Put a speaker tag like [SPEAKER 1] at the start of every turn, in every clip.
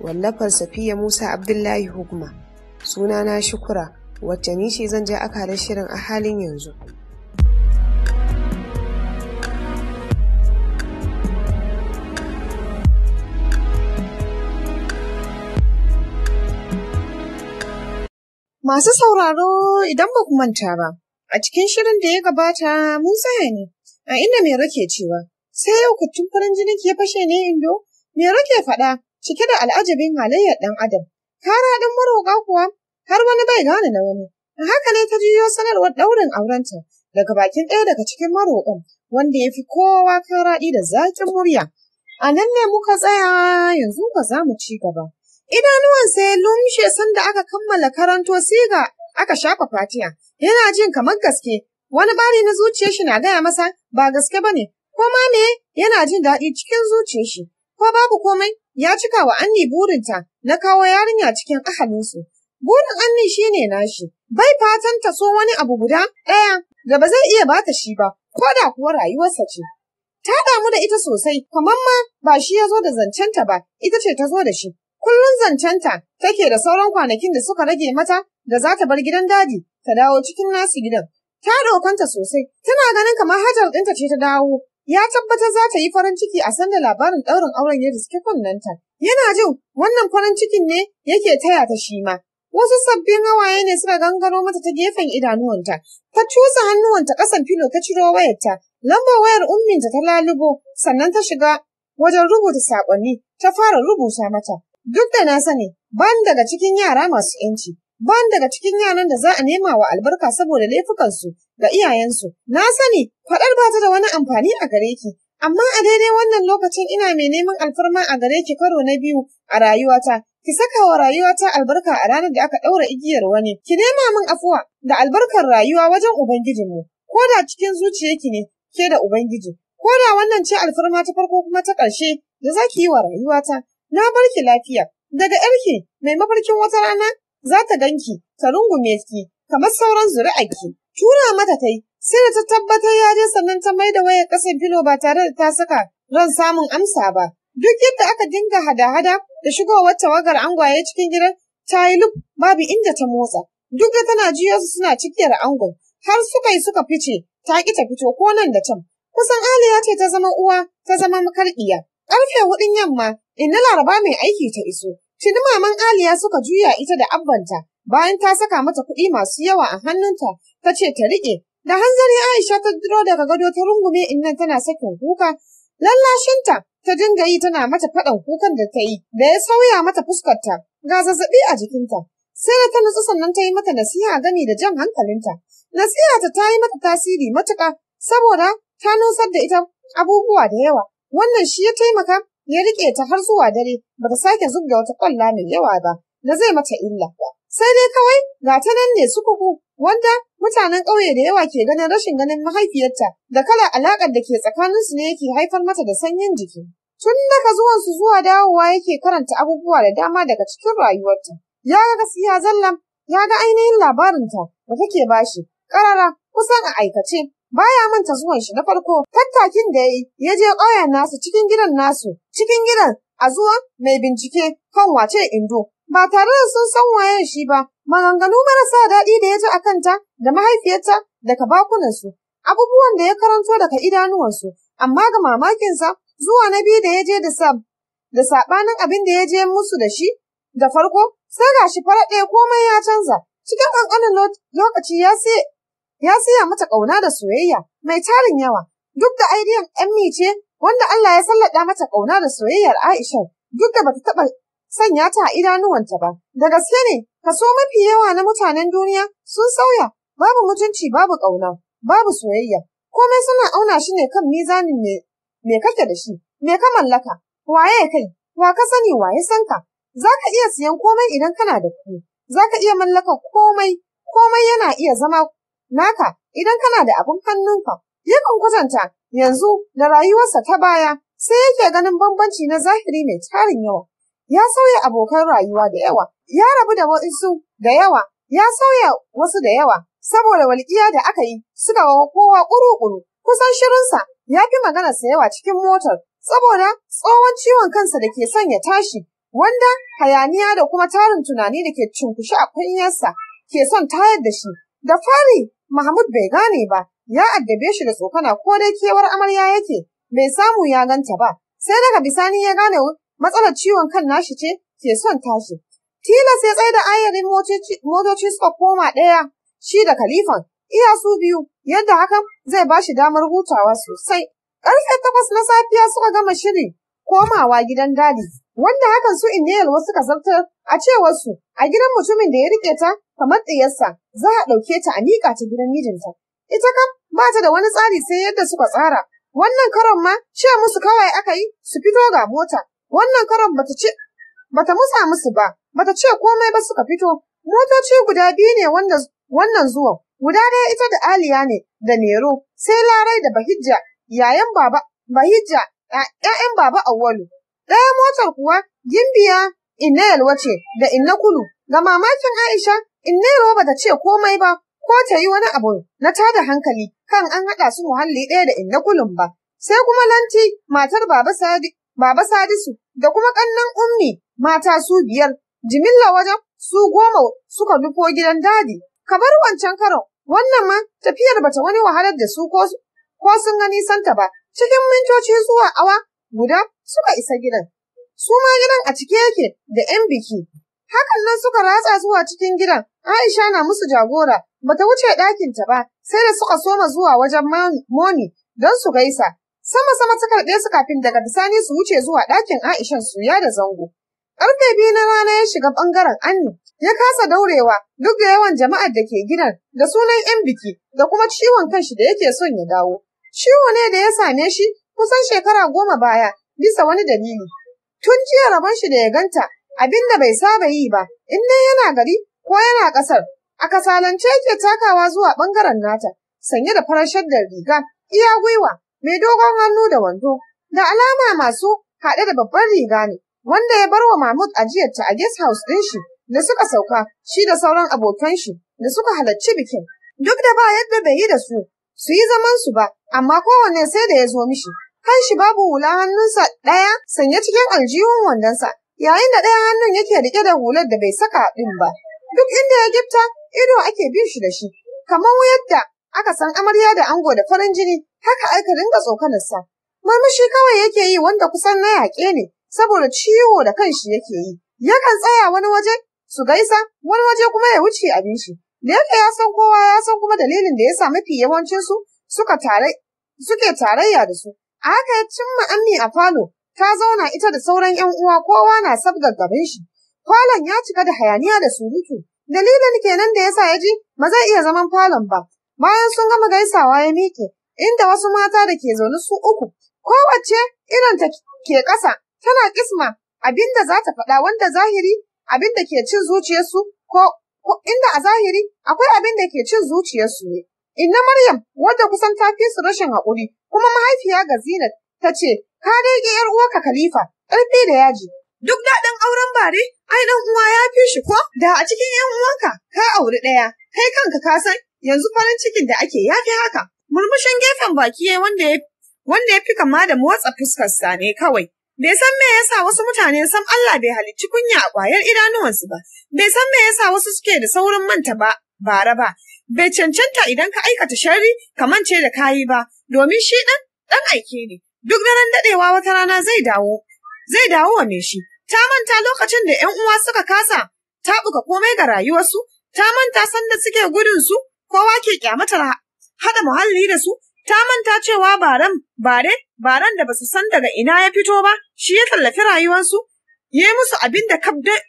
[SPEAKER 1] wallafar safiya musa abdullahi Hukuma, suna na shukura wacce ni zan je aka da shirin a halin yanzu
[SPEAKER 2] Masu sauraro idan ba ku manta ba, a cikin shirin da ya gabata mun tsaya ne, a inda Mai rake cewa, sai yau kuttun farin jinin ke fashe ne indo, Mai rake faɗa cike da al'ajabin halayyar ɗan adam. Kara ɗin maroƙa kuwa har wani bai gane na wani. A haka ne ta jiyo sanarwar ɗaurin aurenta daga bakin ɗaya daga cikin maroƙan wanda ya fi kowa karaɗi da zaƙin murya. A nan ne muka tsaya yanzu ka za mu ci gaba. Idanuwansa ya lumshe sanda aka kammala karanto siga aka shafa fatiya. Yana jin kamar gaske wani bari na zuciyar shi na gaya masa ba gaske ba ne ko ma me yana jin daɗi cikin zuciyar shi ko babu komai ya cika wa Anni burinta na kawo yarinya cikin ahalinsu. Burin Anni shi ne nashi, bai fatan ta so wani abu guda ɗaya da ba zai iya bata shi ba, ko da kuwa rayuwarsa ce. Ta damu da ita sosai, kamar ma ba shi ya zo da zancenta ba, ita ce ta zo da shi. Kullum zancenta take da sauran kwanakin da suka rage mata da za ta bar gidan daji ta dawo cikin nasu gidan. Ta dokanta sosai, tana ganin kamar hajar ɗinta ce ta dawo, Ya tabbatar za ta yi farin ciki a sanda labarin ɗaurin auren ya suke kunnanta. Yana jin wannan farin cikin ne yake taya ta shi ma. Wasu sabbin hawaye ne suka gangaro mata ta gefen idanuwanta. Ta cusa hannuwanta ƙasan filo ta ciro wayarta. Lamba wayar umminta ta lalubo, sannan ta shiga wajen rubuta saƙonni, ta fara rubuta mata. Duk da na sani, ban daga cikin yara masu ‘yanci, ban daga cikin yaran da za a nema wa albarka saboda laifukansu, Da iyayensu. Na sani faɗar ba ta da wani amfani a gare ki, amma a daidai wannan lokacin ina mai neman alfarma a gare ki karo na biyu a rayuwata. Ki saka wa rayuwata albarka a ranar da aka ɗaura igiyar wani, ki nema min afuwa da albarkar rayuwa wajen Ubangijinmu, ko da cikin zuciyarki ne ke da Ubangiji, ko da wannan ce alfarma ta farko kuma ta ƙarshe da za ki yi wa rayuwata, na bar ki lafiya. Daga ƴarki, mai mafarkin wata rana za ta ganki, ta rungume ki, kamar sauran ki. tura mata ta yi sai da ta tabbatar ya je sannan ta mai da wayar ƙasar filo ba tare da ta saka ran samun amsa ba duk yadda aka dinga hada-hada da shigowar tawagar angwaye cikin gidan ta yi lub babu inda ta motsa duk da tana jiyo su suna cikiyar angon har suka yi suka fice ta ki ta fito ko nan da can kusan aliya ce ta zama uwa ta zama makarɗiya ƙarfe hudun yamma inna laraba mai aiki ta iso tuni maman aliya suka juya ita da abbanta bayan ta saka mata kuɗi masu yawa a hannunta ta ce ta riƙe. Da hanzari Aisha ta duro daga gado ta rungume innan tana sakin kuka. Lallashinta ta dinga yi tana mata faɗan kukan da ta yi da ya sauya mata fuskarta ga zazzaɓi a jikinta. Sai da ta nutsu sannan ta yi mata nasiha gami, da jan hankalinta. Nasiha ta yi mata tasiri matuka saboda ta nusar da ita abubuwa da yawa. Wannan shi ya taimaka ya riƙe ta har zuwa dare ba ta sake zub da wata ƙwalla mai yawa ba da zai mata illa ba. Sai dai kawai ga ta nan ne sukuku wanda mutanen ƙauye da yawa ke ganin rashin ganin mahaifiyarta da kala alaƙar da ke tsakaninsu ne yake haifar mata da sanyin jiki. Tun daga zuwansu zuwa dawowa yake karanta abubuwa da dama daga cikin rayuwarta. Ya ga gaskiya zallam, ya ga ainihin labarinta da take bashi, ƙarara kusan a aikace. Baya manta zuwan shi na farko, tattakin da ya ya je ƙauyen nasu cikin gidan nasu, cikin gidan a zuwa mai bincike kan wace indo ba tare da sun san wayen shi ba, maganganu marasa daɗi da ya ji a kanta da mahaifiyarta daga bakunansu, abubuwan da ya karanto daga idanuwansu, amma ga mamakinsa zuwa na biyu da ya je da sab, da saɓanin abin da ya je musu da shi, da farko sai ga shi faraɗa ɗaya komai ya canza, cikin ƙanƙanin lokaci ya ya siya mata ƙauna da soyayya mai tarin yawa, duk da aidiyan ‘yan ce wanda Allah ya sallaɗa mata ƙauna da soyayyar Aisha, duk da bata taɓa sanya ta a idanuwanta ba. Da gaske ne, kaso mafi yawa na mutanen duniya sun sauya, babu mutunci, babu ƙauna, babu soyayya. Komai suna auna shi ne kan mizanin me, me kake da shi, me ka mallaka, waye kai, wa ka sani waye san ka. Za ka iya siyan komai idan kana da kuɗi, za ka iya mallaka komai, komai yana iya zama naka idan kana da abin hannunka. Yakan kwatanta yanzu da rayuwarsa ta baya sai yake ganin bambanci na zahiri mai tarin yawa. ya sauya abokan rayuwa da yawa, ya rabu da waɗansu da yawa, ya sauya wasu da yawa, saboda walƙiya da aka yi suka wa kowa ƙuru-ƙuru. Kusan shirinsa ya fi maganarsa yawa cikin motar, saboda tsohon ciwon kansa da ke son ya tashi, wanda hayaniya da kuma tarin tunani da ke cunkushe a kunyarsa ke son tayar da shi. Da fari, Mahmud bai gane ba, ya addabe shi da tsokana ko dai kewar amarya yake, bai samu ya ganta ba. Sai daga bisani ya gane Matsalar ciwon kan nashi ce ke son tashi. Tilas ya tsaye da ayarin motoci suka koma ɗaya shi da kalifan iya su biyu yadda hakan zai ba shi damar hutawa sosai. Ƙarfe takwas na safiya suka gama shiri komawa gidan dadi wanda hakan su wasu ka zartar a cewarsu a gidan mutumin da ya rike ta kamar ɗiyarsa za a ɗauke ta a miƙa ta gidan mijinta. Ita kam ba ta da wani tsari sai yadda suka tsara. Wannan karon ma ce musu kawai aka yi su fito ga mota Wannan karon bata ce bata musa musu ba, bata ce komai ba suka fito. Motoci guda biyu ne wanda wannan zuwa Guda ɗaya ita da Aliya ne da Nero. sai Larai da Bahijja, yayan baba Bahijja, ‘ya'yan baba Auwalu. Ɗaya motar kuwa Gimbiya Inna Yalwa da Inna Kulu. Ga mamakin Aisha, Inna bata ce komai ba, ko ta yi wani abu na tada hankali kan an haɗa su muhalli ɗaya da Inna Kulu ba. Sai kuma Lanti, matar baba Sadi, Baba Sadisu da kuma ƙannen ummi mata su biyar, jimilla wajen su goma suka nufo gidan dadi. Kamar wancan karo wannan ma tafiyar bata wani wahalar da su ko sun gani santa ba, cikin mintoci zuwa awa guda suka isa gidan. Su ma gidan a cike yake da 'yan biki. Hakan nan suka ratsa zuwa cikin gidan, Aisha na musu jagora, bata wuce ɗakinta ba, sai da suka soma zuwa wajen Moni don su gaisa. Sama-sama ta karɓe su kafin daga bisani su wuce zuwa ɗakin Aishan suya da zango. Ƙarfe biyu na rana ya shiga ɓangaren Annu, ya kasa daurewa duk da yawan jama'ar da ke gidan da sunan 'yan biki da kuma ciwon kanshi da yake son ya dawo. Ciwo ne da ya same shi kusan shekara goma baya bisa wani dalili. Tun jiya rabon shi da ya ganta abin da bai saba yi ba, in dai yana gari ko yana ƙasar. A kasalance yake takawa zuwa ɓangaren nata, sanye da farashar da riga, iya gwiwa, mai dogon hannu da wando, da alama masu haɗe da babban riga ne, wanda ya bar wa Mahmud ajiyarta a guest house ɗin shi da suka sauka shi da sauran abokan shi da suka halarci bikin. Duk da ba yadda bai yi da su, su yi zaman su ba, amma kowanne sai da ya zo mishi. Kan shi babu hula hannunsa ɗaya sanye cikin aljihun wandonsa, yayin da ɗaya hannun yake riƙe da hular da bai saka ɗin ba. Duk inda ya gifta, ido ake bin shi da shi, kamar yadda aka san amarya da ango da farin jini, haka aika dinga tsokanarsa. Murmushi kawai yake yi wanda kusan na yaƙe ne, saboda ciwo da kanshi yake yi. Yakan tsaya wani waje su gaisa, wani waje kuma ya wuce abin shi. Da yake ya san kowa ya san kuma dalilin da ya sa mafi yawancinsu suka tare suke tarayya da su. A haka ya cimma Ammi a falo, ta zauna ita da sauran 'yan uwa kowa na sabgar gaban shi. Falon ya cika da hayaniya da surutu. Dalilin kenan da yasa ya ji ba zai iya zaman falon ba, Bayan sun gama gaisawa ya miƙe, inda wasu mata da ke zaune su uku, kowace ta ke ƙasa, tana ƙisma abin da za ta faɗa wanda zahiri abin da ke cin zuciyarsu ko inda a zahiri akwai abin da ke cin zuciyarsu ne. Inna Maryam, wadda kusan ta fi su rashin haƙuri, kuma mahaifiya ga Zinat, ta ce, Ka dai ‘yar uwarka Khalifa, ƙarfi da yaji. Duk daɗin auren bare, ai ɗan uwa ya fi shi ko? Da a cikin ‘yan uwanka, ka auri ɗaya, kai kanka ka san yanzu farin cikin da ake ya fi haka. Murmushin gefen baki ya wanda ya fi kama da motsa fuskarsa ne kawai. Bai san me yasa wasu mutane san Allah bai halicci kunya a ƙwayar idanuwansu ba. Bai san me yasa wasu suke da saurin manta ba bara ba. Bai cancanta idan ka aikata sharri ka mance da kayi ba, domin shi ɗan ɗan aiki ne. Duk daren daɗewa wata rana zai dawo, zai dawo wa me shi. Ta manta lokacin da ‘yan uwa suka kasa ta buka komai ga rayuwarsu, ta manta sanda suke gudun su, kowa ke kyamata haɗa muhalli da su, ta manta cewa baran bare baran da basu san daga ina ya fito ba, shi ya tallafi rayuwarsu, ya yi musu abin da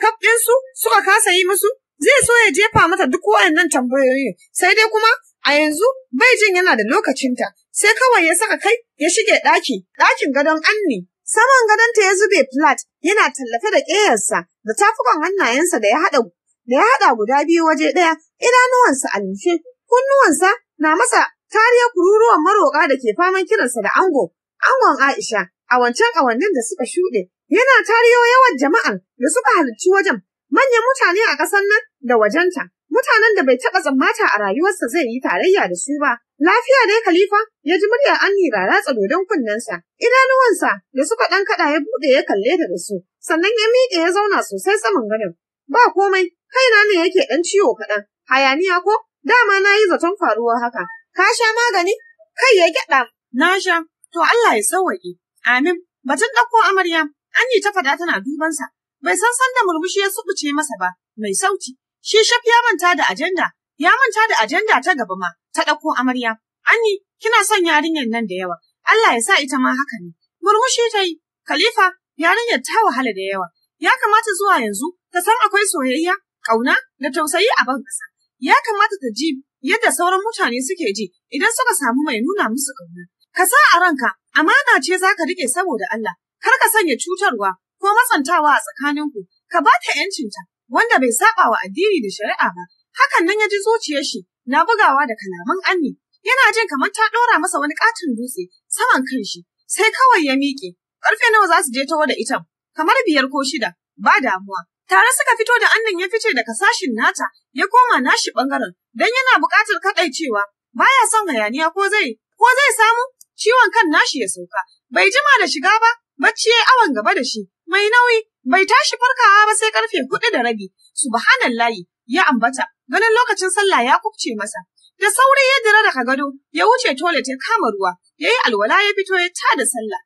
[SPEAKER 2] kaf su suka kasa yi musu, zai so ya jefa mata duk wayannan tambayoyi, sai dai kuma a yanzu bai jin yana da lokacinta, sai kawai ya saka kai ya shige ɗaki, ɗakin gadon Anni. Saman gadonta ya zube flat yana tallafe da ƙeyarsa da tafukan hannayensa da ya haɗa da ya haɗa guda biyu waje ɗaya idanuwansa a lumshe kunnuwansa na masa tariya kururuwan maroƙa da ke faman kiransa da ango angon aisha a wancan awannin da suka shuɗe yana tariyo yawan jama'an da suka halarci wajen manyan mutane a ƙasar nan da wajenta mutanen da bai taɓa tsammata a rayuwarsa zai yi tarayya da su ba. Lafiya dai Khalifa ya ji muryar Anni ratsa dodon kunnensa, idanuwansa da suka ɗan kaɗa ya buɗe ya kalle ta da su, sannan ya miƙe ya zauna sosai saman ganin Ba komai, kaina ne yake ɗan ciwo kaɗan, hayaniya ko? Dama na yi zaton faruwar haka. Ka sha magani? Kai ya gyaɗa. Na sha, to Allah ya sauwaƙi, Amin. Batun ɗauko amarya, an yi ta faɗa tana dubansa. Bai san sanda murmushi ya subuce masa ba, mai sauti. Shi shaf ya manta da ajanda, ya manta da ajanda ta gaba ma, ta ɗauko amarya. Anni, kina son yarinyar nan da yawa. Allah ya sa ita ma haka ne. Murmushi ta yi, Khalifa, yarinyar ta wahala da yawa. Ya kamata zuwa yanzu, ta san akwai soyayya, ƙauna da tausayi a ban ƙasa. Ya kamata ta ji yadda sauran mutane suke ji idan suka samu mai nuna musu ƙauna. Ka sa a ranka, amana ce za ka riƙe saboda Allah, kar ka sanya cutarwa ko matsantawa a tsakaninku, ka ba ta ‘yancinta wanda bai saɓa wa addini da shari'a ba. Hakan nan ya ji zuciyar shi na bugawa da kalaman Anni. Yana jin kamar ta ɗora masa wani ƙaton dutse saman kan shi sai kawai ya miƙe. Ƙarfe nawa za su je taho da ita, kamar biyar ko shida, ba damuwa. Tare suka fito da annan ya fice daga sashin nata, ya koma nashi ɓangaren, don yana buƙatar 'Ba baya son hayaniya ko zai, ko zai samu ciwon kan nashi ya sauka. Bai jima da shiga ba, bacci ya awon gaba da shi, mai nauyi, bai tashi farkawa ba sai karfe huɗu da rabi. Subhanallahi, ya ambata, ganin lokacin sallah ya kubce masa. Da sauri ya dira daga gado, ya wuce toilet ya kama ruwa, ya yi alwala ya fito ya tada sallah.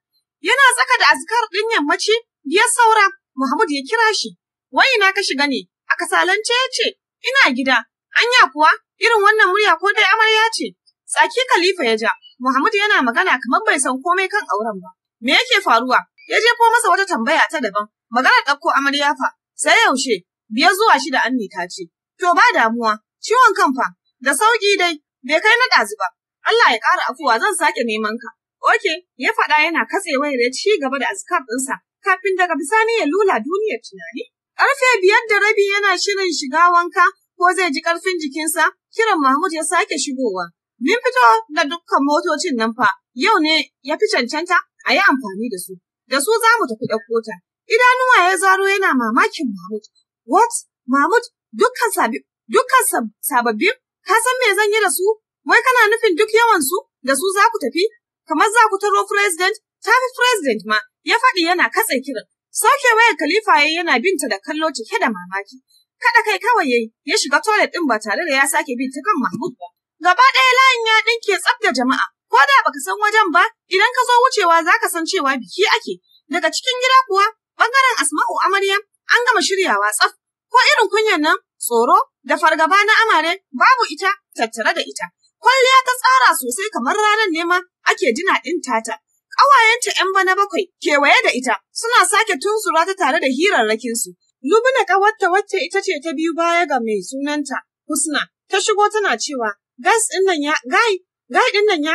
[SPEAKER 2] Yana tsaka da azkar ɗin yammaci, ya saura, Mahmud ya kira shi, wai ina ka shiga ne, a kasalance ya ce, ina gida, anya kuwa irin wannan murya ko dai amarya ce. Tsaki Khalifa ya ja, Muhammad yana magana kamar bai san komai kan auren ba. Me yake faruwa? Ya je ko masa wata tambaya ta daban, magana ɗauko amarya fa, sai yaushe, biyar zuwa shida an ta ce. To ba damuwa, ciwon kan fa, da sauƙi dai, bai kai na ɗazu ba. Allah ya ƙara afuwa zan sake neman ka. Oke, ya faɗa yana katse ya ci gaba da azkar ɗinsa, kafin daga bisani ya lula duniyar tunani. Karfe biyar da rabi yana shirin shiga wanka ko zai ji ƙarfin jikinsa, kiran Mahmud ya sake shigowa. Min fito da dukkan motocin nan fa, yau ne ya fi cancanta a yi amfani da su. Da su za mu tafi ɗauko ta. Idanuwa ya zaro yana mamakin Mahmud. What? Mahmud, dukkan sabi, dukkan sababbin? Ka san me zan yi da su? Wai kana nufin duk yawansu da su za ku tafi? Kamar za ku taro president? Ta fi president ma, ya faɗi yana katse kiran. Sauke waya Khalifa ya yana binta da kallo cike da mamaki. Kada kai kawai yayi, ya shiga toilet din ba tare da ya sake bin ta kan Mahmud ba. Gaba ɗaya layin ya ɗinke tsaf da jama'a. Ko da baka san wajen ba, idan ka zo wucewa za ka san cewa biki ake. Daga cikin gida kuwa, bangaren Asma'u Amaryam an gama shiryawa tsaf. Ko irin kunyan nan, tsoro da fargaba na amare babu ita tattare da ita. Kwalliya ta tsara sosai kamar ranar nema ake jina ɗin tata. Ƙawayenta ‘yan bana bakwai kewaye da ita suna sake tunzura ta tare da hirarrakinsu. Lubuna ƙawarta wacce ita ce ta biyu baya ga mai sunanta Husna ta shigo tana cewa gas ɗin nan ya gai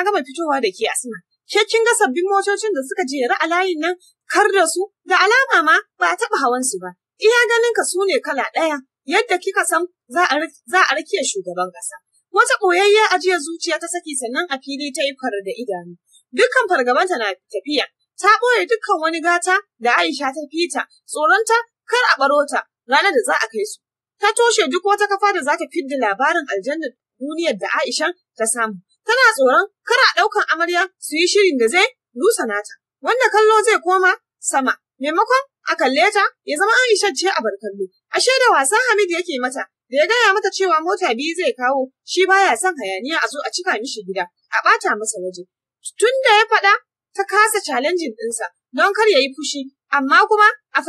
[SPEAKER 2] gama fitowa da ke asma. Ke kin ga sabbin motocin da suka jera a layin nan kar da su da alama ma ba a taɓa hawan su ba. Iya ganin ka su ne kala ɗaya yadda kika san za a rike shugaban ƙasa. Wata ɓoyayya ajiyar zuciya ta saki sannan a fili ta yi da idanu. Dukkan fargabanta na tafiya, ta ɓoye dukkan wani gata da Aisha ta fita, tsoronta kar a baro ta ranar da za a kai su. Ta toshe duk wata kafa da za ta fidda labarin aljanna duniyar da Aisha ta samu. Tana tsoron kar a ɗaukan amarya su yi shirin da zai rusa nata. Wanda kallo zai koma sama, maimakon a kalle ta ya zama Aisha ce a barkallo. Ashe da wasan Hamid yake mata, da ya gaya mata cewa mota biyu zai kawo, shi baya son hayaniya a zo a cika mishi gida, a ɓata masa waje. Tun da ya faɗa, ta kasa challenge ɗinsa don kar ya yi fushi, amma kuma a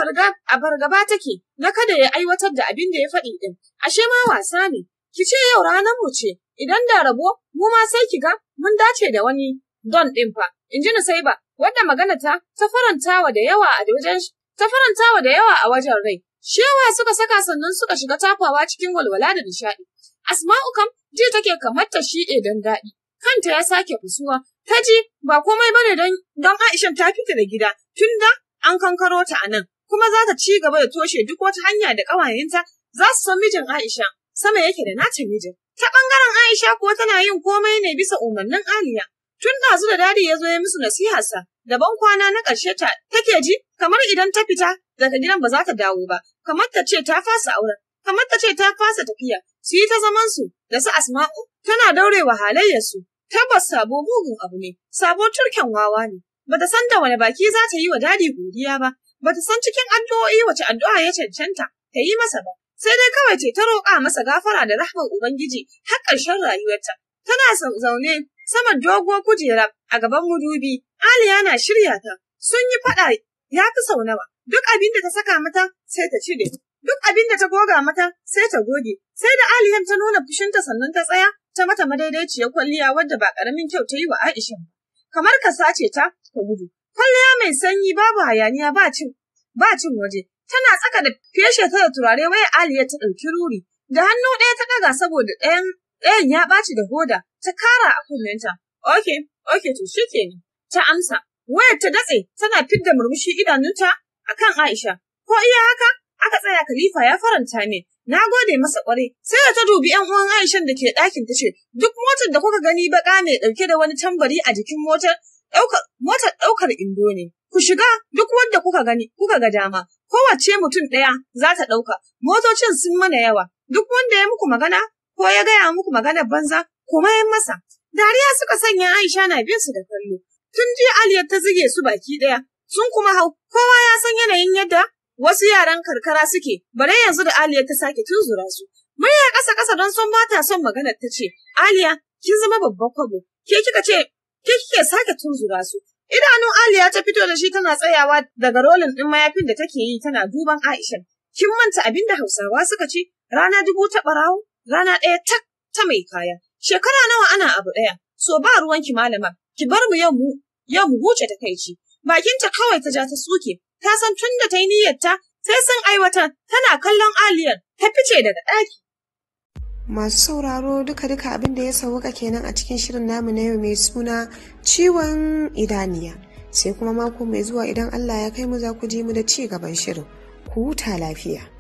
[SPEAKER 2] fargaba take na kada ya aiwatar da abin da ya faɗi ɗin. Ashe ma wasa ne, ki ce yau ranar mu ce, idan da rabo mu ma sai ki ga mun dace da wani don ɗin fa. In ji sai ba. wadda magana ta ta farantawa da yawa a wajen ta farantawa da yawa a wajen rai. Shewa suka saka sannan suka shiga tafawa cikin walwala da nishaɗi. Asma'u kam ji take kamar ta shiɗe don daɗi. Kanta ya sake kusuwa Ta ji ba komai ba ne don Aisha ta fita da gida tun da an kankaro ta a nan kuma za ta ci gaba da toshe duk wata hanya da ƙawayenta za su san mijin Aisha sama yake da nata mijin. Ta ɓangaren Aisha kuwa tana yin komai ne bisa umarnin Aliya. Tun ɗazu da dadi ya zo ya musu nasiha da ban kwana na ƙarshe ta take ji kamar idan ta fita daga gidan ba za ta dawo ba, kamar ta ce ta fasa auren, kamar ta ce ta fasa tafiya, su yi ta zaman su da su Asma'u tana daure wa halayyarsu Tabbas sabo mugun abu ne, sabo turken wawa ne. Ba ta san da wani baki za ta yi wa dadi godiya ba, Ba ta san cikin addu'o'i wace addu'a ya cancanta ta yi masa ba. Sai dai kawai ce ta roƙa masa gafara da rahmar Ubangiji har ƙarshen rayuwarta. Tana zaune saman dogon kujera a gaban mudubi, Aliya na shirya ta. Sun yi faɗa ya fi sau nawa. Duk abin da ta saka mata sai ta cire. duk abin da ta goga mata sai ta goge sai da aliyan ta nuna fushinta sannan ta tsaya ta mata madaidaiciyar kwalliya wadda ba ƙaramin kyau ta yi wa Aisha ba. Kamar ka sace ta, ka gudu. Kwalliya mai sanyi babu hayaniya ba cin, ba cin waje. Tana tsaka da feshe ta turare waye Aliya ta ɗauki ruri. Da hannu ɗaya ta ɗaga saboda ɗayan ɗayan ya ɓaci da hoda, ta kara a kunnenta. Oke, oke to shikenan. Ta amsa. Wayar ta datse tana fidda murmushi idanunta akan Aisha. Ko iya haka? Aka tsaya Khalifa ya faranta ne. Na gode masa kwarai, sai da ta dubi ‘yan uwan Aisha da ke ɗakin ta ce, duk motar da kuka gani baƙa mai ɗauke da wani tambari a jikin motar, motar ɗaukar indo ne. Ku shiga duk wanda kuka gani, kuka ga dama, kowace mutum ɗaya za ta ɗauka, motocin sun mana yawa, duk wanda ya muku magana, ko ya gaya muku maganar banza, ku mayan masa. Dariya suka sanya Aisha na bin su da kallo. Tun jiya Aliyar ta zige su baki ɗaya, sun kuma hau, kowa ya san yanayin yadda Wasu yaran karkara suke, bare yanzu da Aliya ta sake tunzura su. Murya ƙasa ƙasa don son mata son maganar ta ce, Aliya, kin zama babban kwabo, ke kika ce, ke kike sake tunzura su. Idanun Aliya ta fito da shi tana tsayawa daga rolin ɗin mayafin da take yi tana duban Aisha. Kin manta abin da Hausawa suka ce, rana dubu ta ɓarawo, rana ɗaya tak ta mai kaya. Shekara nawa ana abu ɗaya, so ba ruwanki malama, ki bar mu yau mu, yau mu huce takaici. Bakinta kawai ta ja ta suke, ta san tun da ta yi niyyarta sai sun aiwatar tana kallon aliyar ta fice daga ɗaki.
[SPEAKER 1] Masu sauraro duka-duka abin da ya sauka kenan a cikin shirin namu na yau mai suna ciwon idaniya. Sai kuma mako mai zuwa idan Allah ya kai mu za ku ji mu da ci gaban shirin. Ku huta lafiya.